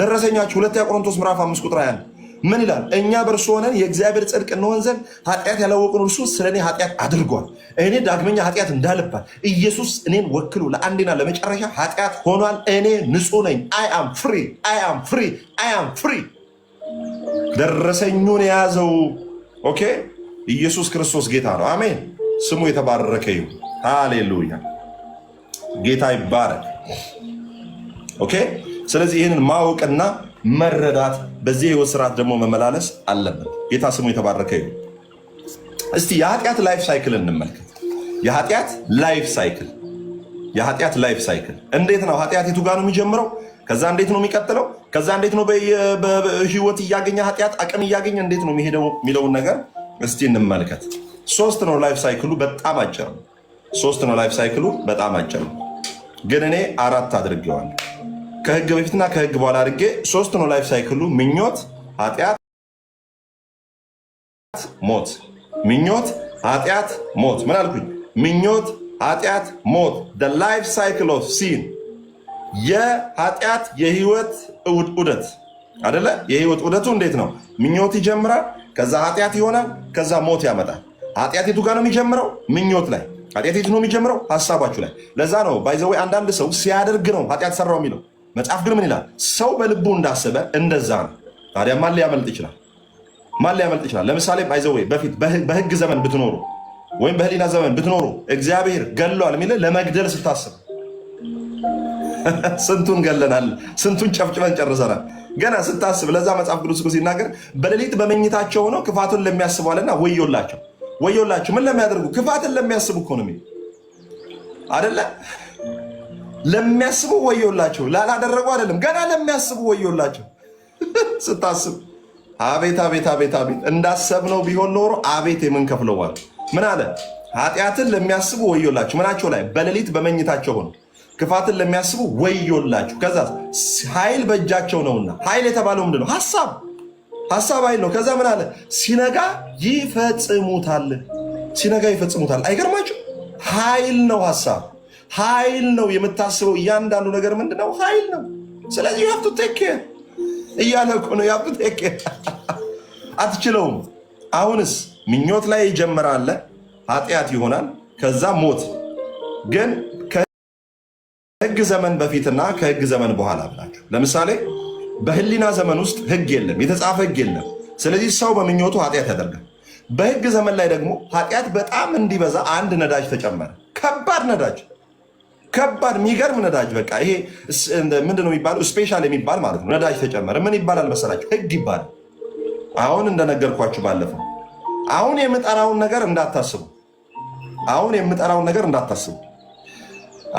ደረሰኛችሁ ሁለተኛ ቆሮንቶስ ምዕራፍ 5 ቁጥር 21 ምን ይላል? እኛ በእርሱ ሆነን የእግዚአብሔር ጽድቅ እንሆን ዘንድ ኃጢአት ያላወቅን እርሱ ስለ እኔ ኃጢአት አድርጓል። እኔ ዳግመኛ ኃጢአት እንዳልባል ኢየሱስ እኔን ወክሎ ለአንዴና ለመጨረሻ ኃጢአት ሆኗል። እኔ ንጹህ ነኝ። አይ አም ፍሪ፣ አይ አም ፍሪ፣ አይ አም ፍሪ። ደረሰኙን የያዘው ኦኬ። ኢየሱስ ክርስቶስ ጌታ ነው። አሜን። ስሙ የተባረከ ይሁን። ሃሌሉያ። ጌታ ይባረክ። ኦኬ ስለዚህ ይህንን ማወቅና መረዳት በዚህ ህይወት ስርዓት ደግሞ መመላለስ አለብን። ጌታ ስሙ የተባረከ ይሁን። እስቲ የኃጢአት ላይፍ ሳይክል እንመልከት። የኃጢአት ላይፍ ሳይክል የኃጢአት ላይፍ ሳይክል እንዴት ነው? ኃጢአት የቱ ጋር ነው የሚጀምረው? ከዛ እንዴት ነው የሚቀጥለው? ከዛ እንዴት ነው በህይወት እያገኘ ኃጢአት አቅም እያገኘ እንዴት ነው የሚሄደው የሚለውን ነገር እስቲ እንመልከት። ሶስት ነው ላይፍ ሳይክሉ፣ በጣም አጭር ነው። ሶስት ነው ላይፍ ሳይክሉ፣ በጣም አጭር ነው። ግን እኔ አራት አድርጌዋለሁ። ከህግ በፊትና ከህግ በኋላ አድርጌ ሶስት ነው ላይፍ ሳይክሉ ምኞት፣ ኃጢአት፣ ሞት። ምኞት፣ ኃጢአት፣ ሞት። ምን አልኩኝ? ምኞት፣ ኃጢአት፣ ሞት። ላይፍ ሳይክል ኦፍ ሲን የኃጢአት የህይወት ውደት አደለ? የህይወት ውደቱ እንዴት ነው? ምኞት ይጀምራል፣ ከዛ ኃጢአት ይሆናል፣ ከዛ ሞት ያመጣል። ኃጢአት የቱ ጋር ነው የሚጀምረው? ምኞት ላይ ኃጢአት የቱ ነው የሚጀምረው? ሀሳባችሁ ላይ። ለዛ ነው ባይዘወይ አንዳንድ ሰው ሲያደርግ ነው ኃጢአት ሰራው የሚለው መጽሐፍ ግን ምን ይላል? ሰው በልቡ እንዳሰበ እንደዛ ነው። ታዲያ ማን ሊያመልጥ ይችላል? ማን ሊያመልጥ ይችላል? ለምሳሌ ባይዘወይ በፊት በህግ ዘመን ብትኖሩ ወይም በህሊና ዘመን ብትኖሩ እግዚአብሔር ገሏል የሚል ለመግደል ስታስብ ስንቱን ገለናል፣ ስንቱን ጨፍጭበን ጨርሰናል። ገና ስታስብ ለዛ መጽሐፍ ቅዱስ እኮ ሲናገር በሌሊት በመኝታቸው ሆነው ክፋቱን ለሚያስቧልና ወዮላቸው፣ ወዮላቸው ምን ለሚያደርጉ ክፋትን ለሚያስቡ እኮ ነው የሚል ለሚያስቡ ወዮላቸው፣ ላላደረጉ አይደለም ገና ለሚያስቡ ወዮላቸው። ስታስብ አቤት አቤት አቤት አቤት እንዳሰብነው ቢሆን ኖሮ አቤት የምንከፍለው ማለት ምን አለ? ኃጢአትን ለሚያስቡ ወዮላቸው። ምናቸው ላይ በሌሊት በመኝታቸው ሆነ ክፋትን ለሚያስቡ ወዮላቸው። ከዛ ኃይል በእጃቸው ነውና፣ ኃይል የተባለው ምንድን ነው? ሀሳብ ሀሳብ ኃይል ነው። ከዛ ምን አለ? ሲነጋ ይፈጽሙታል፣ ሲነጋ ይፈጽሙታል። አይገርማችሁ? ኃይል ነው ሀሳብ ኃይል ነው የምታስበው። እያንዳንዱ ነገር ምንድን ነው? ኃይል ነው። ስለዚህ ሀብቱ ቴክ እያለ እኮ ነው። ሀብቱ ቴክ አትችለውም። አሁንስ ምኞት ላይ ይጀምራለ፣ ኃጢአት ይሆናል፣ ከዛ ሞት። ግን ከህግ ዘመን በፊትና ከህግ ዘመን በኋላ ብላችሁ ለምሳሌ በህሊና ዘመን ውስጥ ህግ የለም፣ የተጻፈ ህግ የለም። ስለዚህ ሰው በምኞቱ ኃጢአት ያደርጋል። በህግ ዘመን ላይ ደግሞ ኃጢአት በጣም እንዲበዛ አንድ ነዳጅ ተጨመረ፣ ከባድ ነዳጅ ከባድ የሚገርም ነዳጅ በቃ ይሄ ምንድነው የሚባለው? ስፔሻል የሚባል ማለት ነው። ነዳጅ ተጨመረ። ምን ይባላል መሰላችሁ? ህግ ይባላል። አሁን እንደነገርኳችሁ ባለፈው፣ አሁን የምጠራውን ነገር እንዳታስቡ፣ አሁን የምጠራውን ነገር እንዳታስቡ፣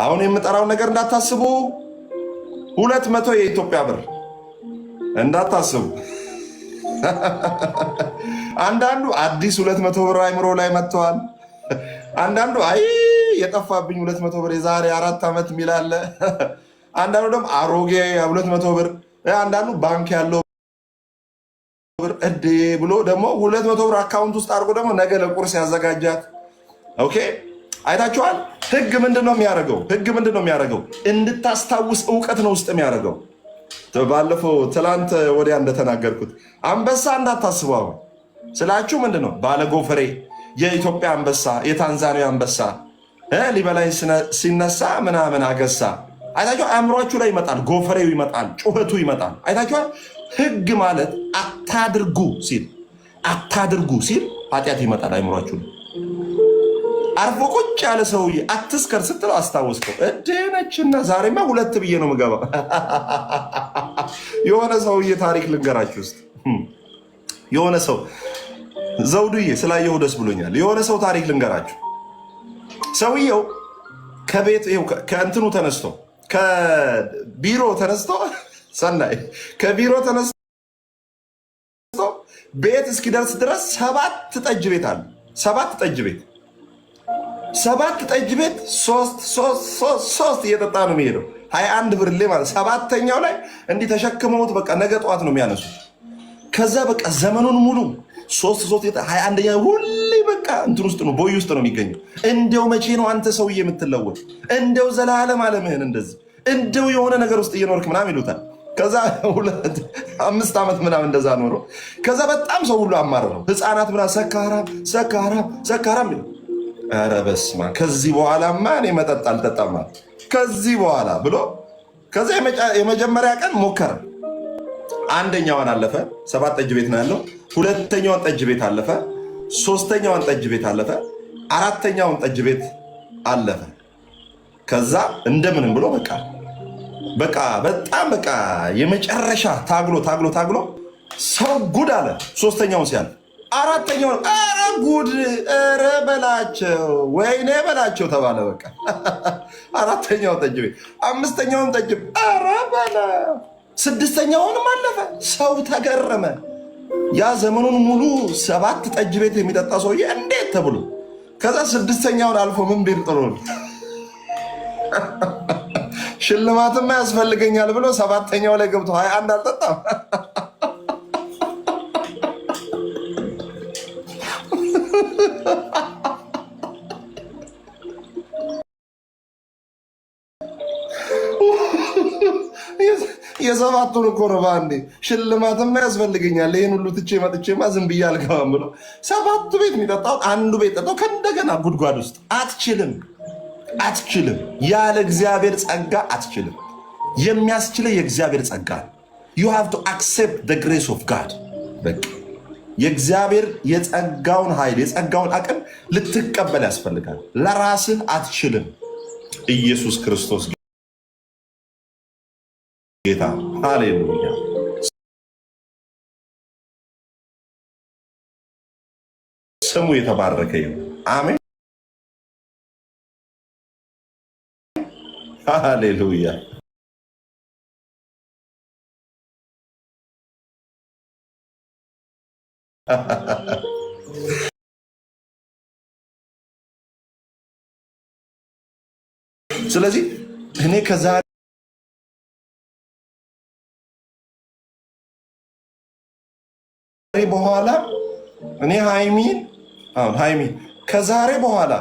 አሁን የምጠራውን ነገር እንዳታስቡ። ሁለት መቶ የኢትዮጵያ ብር እንዳታስቡ። አንዳንዱ አዲስ ሁለት መቶ ብር አይምሮ ላይ መጥተዋል። አንዳንዱ አይ የጠፋብኝ ሁለት መቶ ብር የዛሬ አራት ዓመት የሚላለ አንዳንዱ ደግሞ አሮጌ ሁለት መቶ ብር አንዳንዱ ባንክ ያለው ብር እድ ብሎ ደግሞ ሁለት መቶ ብር አካውንት ውስጥ አድርጎ ደግሞ ነገ ለቁርስ ያዘጋጃት። ኦኬ አይታችኋል። ህግ ምንድን ነው የሚያደርገው? ህግ ምንድን ነው የሚያደርገው? እንድታስታውስ እውቀት ነው ውስጥ የሚያደርገው። ባለፈው ትላንት ወዲያ እንደተናገርኩት አንበሳ እንዳታስበው ስላችሁ ምንድን ነው ባለጎፈሬ የኢትዮጵያ አንበሳ የታንዛኒያ አንበሳ ሊበላኝ ሲነሳ ምናምን አገሳ። አይታችኋል? አእምሯችሁ ላይ ይመጣል፣ ጎፈሬው ይመጣል፣ ጩኸቱ ይመጣል። አይታችኋል? ህግ ማለት አታድርጉ ሲል አታድርጉ ሲል ኃጢአት ይመጣል አእምሯችሁ ላይ። አርፎ ቁጭ ያለ ሰውዬ አትስከር ስትለው አስታወስከው። እድነችና ዛሬማ ሁለት ብዬ ነው ምገባ። የሆነ ሰውዬ ታሪክ ልንገራችሁ ውስጥ hm። የሆነ ሰው ዘውዱዬ ስላየሁ ደስ ብሎኛል። የሆነ ሰው ታሪክ ልንገራችሁ ሰውየው ከቤት ከእንትኑ ተነስቶ ከቢሮ ተነስቶ ሰናይ ከቢሮ ተነስቶ ቤት እስኪደርስ ድረስ ሰባት ጠጅ ቤት አሉ። ሰባት ጠጅ ቤት ሰባት ጠጅ ቤት ሶስት ሶስት እየጠጣ ነው የሚሄደው። ሀያ አንድ ብርሌ ማለት ሰባተኛው ላይ እንዲህ ተሸክመውት በቃ ነገ ጠዋት ነው የሚያነሱት። ከዛ በቃ ዘመኑን ሙሉ ሶስት ሶስት ሀያ አንደኛ ሁሉ በቃ እንትን ውስጥ ነው ቦይ ውስጥ ነው የሚገኘው። እንደው መቼ ነው አንተ ሰውዬ የምትለወጥ? እንደው ዘላለም አለምህን እንደዚህ እንደው የሆነ ነገር ውስጥ እየኖርክ ምናምን ይሉታል። ከዛ አምስት ዓመት ምናምን እንደዛ ኖሮ ከዛ በጣም ሰው ሁሉ ነው ህፃናት ምናምን ሰካራም ሰካራም ሰካራም ይሉ። ኧረ ከዚህ በኋላ እኔ መጠጥ አልጠጣማ ከዚህ በኋላ ብሎ ከዛ የመጀመሪያ ቀን ሞከረ። አንደኛዋን አለፈ። ሰባት ጠጅ ቤት ነው ያለው። ሁለተኛዋን ጠጅ ቤት አለፈ። ሶስተኛውን ጠጅ ቤት አለፈ። አራተኛውን ጠጅ ቤት አለፈ። ከዛ እንደምንም ብሎ በቃ በቃ በጣም በቃ የመጨረሻ ታግሎ ታግሎ ታግሎ ሰው ጉድ አለ። ሶስተኛውን ሲያል አራተኛውን ኧረ ጉድ ኧረ በላቸው ወይኔ በላቸው ተባለ። በቃ አራተኛው ጠጅ ቤት፣ አምስተኛውን ጠጅ ኧረ በላ፣ ስድስተኛውንም አለፈ። ሰው ተገረመ። ያ ዘመኑን ሙሉ ሰባት ጠጅ ቤት የሚጠጣ ሰውዬ እንዴት ተብሎ ከዛ ስድስተኛውን አልፎ ምን ቢል ጥሩ ሽልማትማ ያስፈልገኛል ብሎ ሰባተኛው ላይ ገብቶ ሀያ አንድ አልጠጣም። የሰባቱን እኮ ነው በአንዴ። ሽልማትማ ያስፈልገኛል ይህን ሁሉ ትቼ መጥቼማ ዝም ብዬ አልገባም ብሎ ሰባቱ ቤት የሚጠጣውን አንዱ ቤት ጠጣው። ከእንደገና ጉድጓድ ውስጥ አትችልም፣ አትችልም። ያለ እግዚአብሔር ጸጋ አትችልም። የሚያስችለ የእግዚአብሔር ጸጋ ነው። ዩ ሃቭ ቱ አክሴፕት ዘ ግሬስ ኦፍ ጋድ በቃ የእግዚአብሔር የጸጋውን ኃይል የጸጋውን አቅም ልትቀበል ያስፈልጋል። ለራስን አትችልም። ኢየሱስ ክርስቶስ ጌታ ሃሌሉያ። ስሙ የተባረከ ይሁን። አሜን ሃሌሉያ። ስለዚህ እኔ ከዛሬ ከዛሬ በኋላ እኔ ሃይሚን አሁን ሃይሚን ከዛሬ በኋላ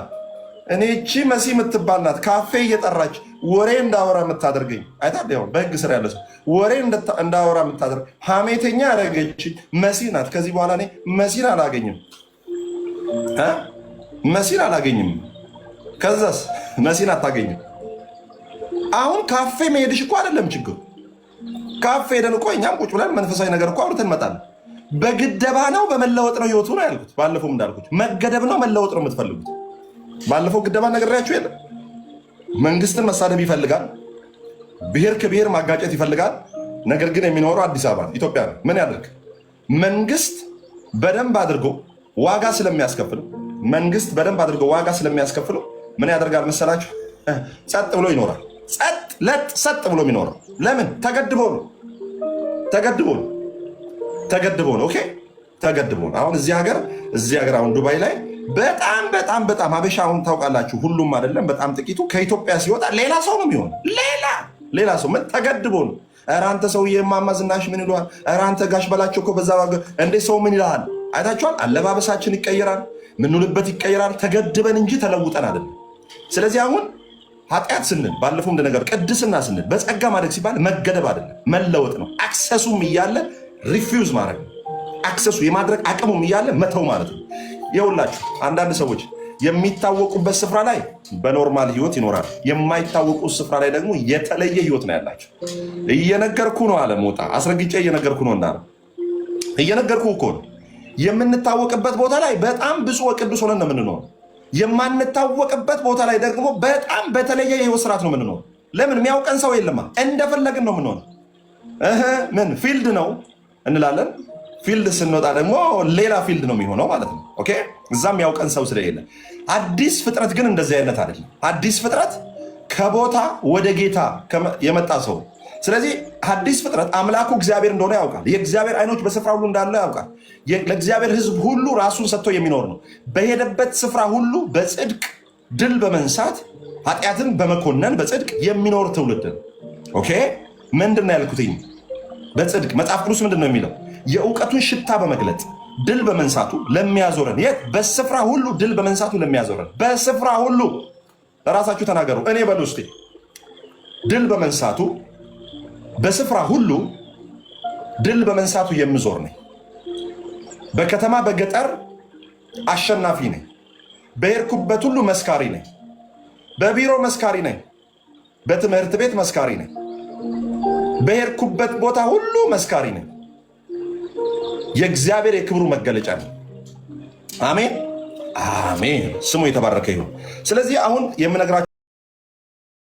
እኔ እቺ መሲ የምትባል ናት ካፌ እየጠራች ወሬ እንዳወራ የምታደርገኝ አይታል። ሆን በህግ ስር ያለ ሰው ወሬ እንዳወራ የምታደርግ ሀሜተኛ ያደረገች መሲ ናት። ከዚህ በኋላ እኔ መሲን አላገኝም፣ መሲን አላገኝም። ከዛስ መሲን አታገኝም። አሁን ካፌ መሄድሽ እኮ አይደለም ችግሩ። ካፌ ሄደን እኮ እኛም ቁጭ ብለን መንፈሳዊ ነገር እኮ አውርተን እንመጣለን። በግደባ ነው በመለወጥ ነው ህይወቱ ነው ያልኩት። ባለፈው እንዳልኩት መገደብ ነው መለወጥ ነው የምትፈልጉት። ባለፈው ግደባ ነገራችሁ የለም። መንግስትን መሳደብ ይፈልጋል። ብሔር ከብሔር ማጋጨት ይፈልጋል። ነገር ግን የሚኖረው አዲስ አበባ ነው፣ ኢትዮጵያ ነው። ምን ያደርግ መንግስት በደንብ አድርጎ ዋጋ ስለሚያስከፍል መንግስት በደንብ አድርጎ ዋጋ ስለሚያስከፍሉ ምን ያደርጋል መሰላችሁ? ጸጥ ብሎ ይኖራል። ጸጥ ለጥ ሰጥ ብሎ የሚኖረው ለምን? ተገድቦ ነው። ተገድቦ ነው። ተገድቦ ነው። ኦኬ ተገድቦ ነው። አሁን እዚህ ሀገር እዚህ ሀገር አሁን ዱባይ ላይ በጣም በጣም በጣም ሀበሻ አሁን ታውቃላችሁ፣ ሁሉም አይደለም፣ በጣም ጥቂቱ ከኢትዮጵያ ሲወጣ ሌላ ሰው ነው የሚሆን። ሌላ ሌላ ሰው ምን ተገድቦ ነው። ኧረ አንተ ሰውዬ እማማ ዝናሽ ምን ይለዋል? ኧረ አንተ ጋሽ በላቸው እኮ በዛ እንዴ ሰው ምን ይልሃል? አይታችኋል። አለባበሳችን ይቀይራል፣ ምንውልበት ይቀይራል። ተገድበን እንጂ ተለውጠን አይደለም። ስለዚህ አሁን ኃጢአት ስንል ባለፈው እንደነገር ቅድስና ስንል በጸጋ ማደግ ሲባል መገደብ አይደለም መለወጥ ነው። አክሰሱም እያለ ሪፊውዝ ማድረግ አክሰሱ የማድረግ አቅሙም እያለ መተው ማለት ነው። የውላችሁ አንዳንድ ሰዎች የሚታወቁበት ስፍራ ላይ በኖርማል ህይወት ይኖራል። የማይታወቁት ስፍራ ላይ ደግሞ የተለየ ህይወት ነው ያላቸው። እየነገርኩ ነው አለ ሞጣ፣ አስረግጬ እየነገርኩ ነው እንዳለ እየነገርኩ እኮ ነው። የምንታወቅበት ቦታ ላይ በጣም ብፁዕ ወቅዱስ ሆነን ነው የምንኖር። የማንታወቅበት ቦታ ላይ ደግሞ በጣም በተለየ የህይወት ስርዓት ነው የምንኖር። ለምን የሚያውቀን ሰው የለማ፣ እንደፈለግን ነው የምንሆነ። ምን ፊልድ ነው እንላለን። ፊልድ ስንወጣ ደግሞ ሌላ ፊልድ ነው የሚሆነው ማለት ነው። ኦኬ እዛም ያውቀን ሰው ስለሌለ አዲስ ፍጥረት ግን እንደዚህ አይነት አይደለም። አዲስ ፍጥረት ከቦታ ወደ ጌታ የመጣ ሰው ስለዚህ አዲስ ፍጥረት አምላኩ እግዚአብሔር እንደሆነ ያውቃል። የእግዚአብሔር አይኖች በስፍራ ሁሉ እንዳለ ያውቃል። ለእግዚአብሔር ሕዝብ ሁሉ ራሱን ሰጥቶ የሚኖር ነው። በሄደበት ስፍራ ሁሉ በጽድቅ ድል በመንሳት ኃጢአትን በመኮነን በጽድቅ የሚኖር ትውልድ ኦኬ ምንድን ነው ያልኩትኝ? በጽድቅ መጽሐፍ ቅዱስ ምንድን ነው የሚለው? የእውቀቱን ሽታ በመግለጥ ድል በመንሳቱ ለሚያዞረን የት በስፍራ ሁሉ ድል በመንሳቱ ለሚያዞረን በስፍራ ሁሉ ራሳችሁ ተናገሩ። እኔ በሉ እስቲ ድል በመንሳቱ በስፍራ ሁሉ ድል በመንሳቱ የምዞር ነኝ። በከተማ በገጠር አሸናፊ ነኝ። በሄድኩበት ሁሉ መስካሪ ነኝ። በቢሮ መስካሪ ነኝ። በትምህርት ቤት መስካሪ ነኝ። በሄድኩበት ቦታ ሁሉ መስካሪ ነኝ። የእግዚአብሔር የክብሩ መገለጫ ነው። አሜን አሜን። ስሙ የተባረከ ይሁን። ስለዚህ አሁን የምነግራቸው